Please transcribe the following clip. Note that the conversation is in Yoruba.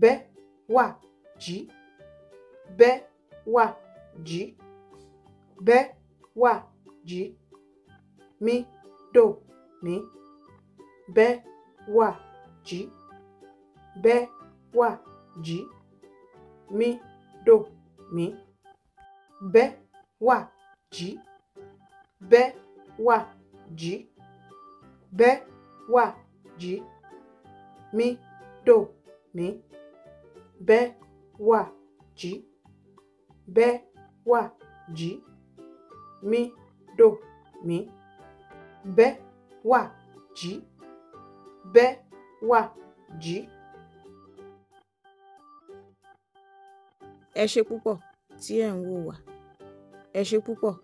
Bẹ́wàjí Bẹ́wàjí Bẹ́wàjí Mídòmí Bẹ́wàjí Bẹ́wàjí Mídòmí Bẹ́wàjí Bẹ́wàjí Bẹ́wàjí me. Bẹ́wàjí Bẹ́wàjí mídòmí Bẹ́wàjí Bẹ́wàjí. Ẹ ṣé púpọ̀ tí ẹ̀ ń wò wá! Ẹ ṣé púpọ̀!